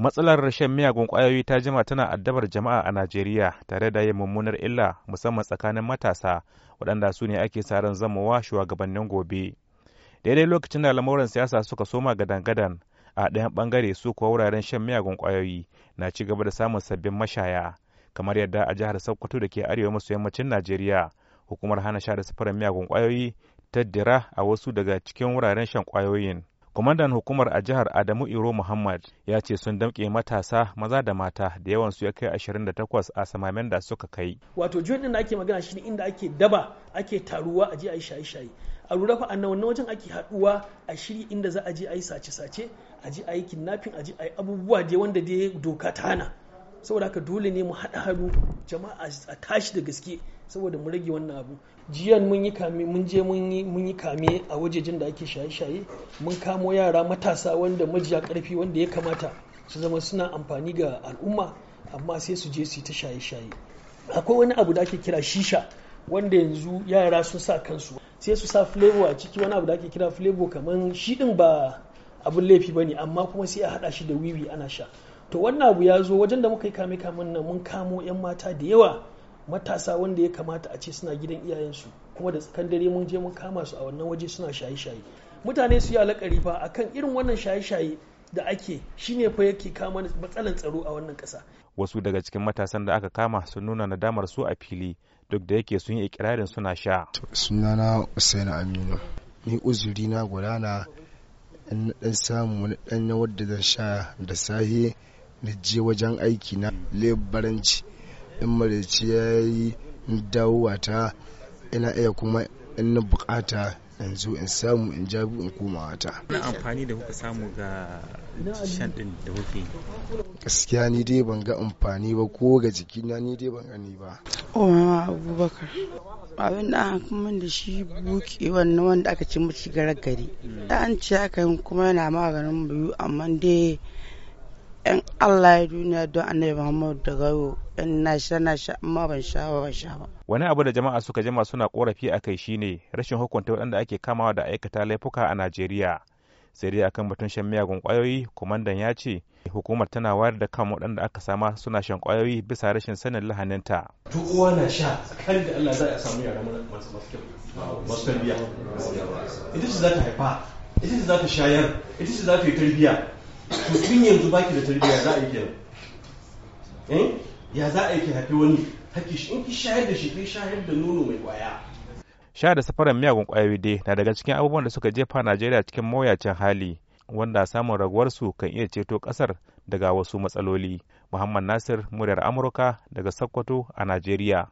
matsalar rashin miyagun kwayoyi ta jima tana addabar jama'a a najeriya tare da yin mummunar illa musamman tsakanin matasa waɗanda su ne ake sa ran zamowa shugabannin gobe daidai lokacin da lamuran siyasa suka soma gadan-gadan a ɗayan ɓangare su kuwa wuraren shan miyagun kwayoyi na ci gaba da samun sabbin mashaya kamar yadda a jihar sokoto da ke arewa maso yammacin najeriya hukumar hana sha da sufurin miyagun ƙwayoyi ta dira a wasu daga cikin wuraren shan kwayoyin. kwamandan hukumar a jihar adamu iro muhammad ya ce sun damƙe matasa maza da mata da yawan su ya kai 28 a samamen da suka kai wato juyin din da ake magana shi inda ake daba ake taruwa a je a yi shaye-shaye a lura fa annan wannan wajen ake haɗuwa a shiri inda za a je a yi sace-sace a je a yi kidnapping a je a yi abubuwa da wanda dai doka ta hana saboda haka dole ne mu haɗa hannu jama'a a tashi da gaske saboda mu rage wannan abu jiyan mun yi kame mun je mun yi kame a wajejen da ake shaye-shaye mun kamo yara matasa wanda majiya karfi wanda ya kamata su zama suna amfani ga al'umma amma sai su je su yi ta shaye-shaye akwai wani abu da ake kira shisha wanda yanzu yara sun sa kansu sai su sa flavor a ciki wani abu da ake kira flavor kamar shi din ba abun laifi bane amma kuma sai a hada shi da wiwi ana sha to wannan abu ya zo wajen da muka yi kame kamen nan mun kamo yan mata da yawa matasa wanda ya kamata a ce suna gidan iyayensu kuma da tsakan dare mun je mun kama su a wannan waje suna shaye-shaye mutane su yi alakari fa akan irin wannan shaye-shaye da ake shine fa yake kama matsalan tsaro a wannan ƙasa wasu daga cikin matasan da aka kama sun nuna nadamar su a fili duk da yake sun yi ikirarin suna sha sunana Usain Aminu ni uzuri na gudana na dan samu wani dan wadda zan sha da sahi na je wajen aiki na lebaranci in maraice ya yi in dawowata ina iya kuma in na bukata in zo in samu in jabu in koma wata. Na amfani da kuka samu ga shan din da kuke Gaskiya ni dai ban ga amfani ba ko ga jiki na ni dai ban gani ba. O oh, mama Abubakar. Abin da an kuma da shi buke wannan wanda aka ci mace gare gari. Da an ce aka kuma yana maganin biyu amma dai 'yan Allah ya duniya don annabi Muhammadu da yau in na sha na sha amma ban sha ba ban sha ba. Wani abu da jama'a suka jima suna korafi a kai shine rashin hukunta waɗanda ake kamawa da aikata laifuka a Najeriya. Sai dai akan batun shan miyagun kwayoyi kwamandan ya ce hukumar tana wayar da kan waɗanda aka sama suna shan kwayoyi bisa rashin sanin lahaninta. Duk uwa na sha tsakanin da Allah za a samu yara masu kyau masu tarbiyya. Ita ce za ta haifa, ita ce za ta shayar, ita ce za ta yi tarbiyya. to tun yanzu baki da tarbiyya za a yi kenan eh ya za a yi ki haifi wani haki shi in ki shayar da shi kai shayar da nono mai kwaya sha da safaran miyagun kwayoyi dai na daga cikin abubuwan da suka jefa Najeriya cikin mawuyacin hali wanda samun raguwarsu kan iya ceto kasar daga wasu matsaloli. Muhammad Nasir, muryar Amurka daga Sokoto a Najeriya.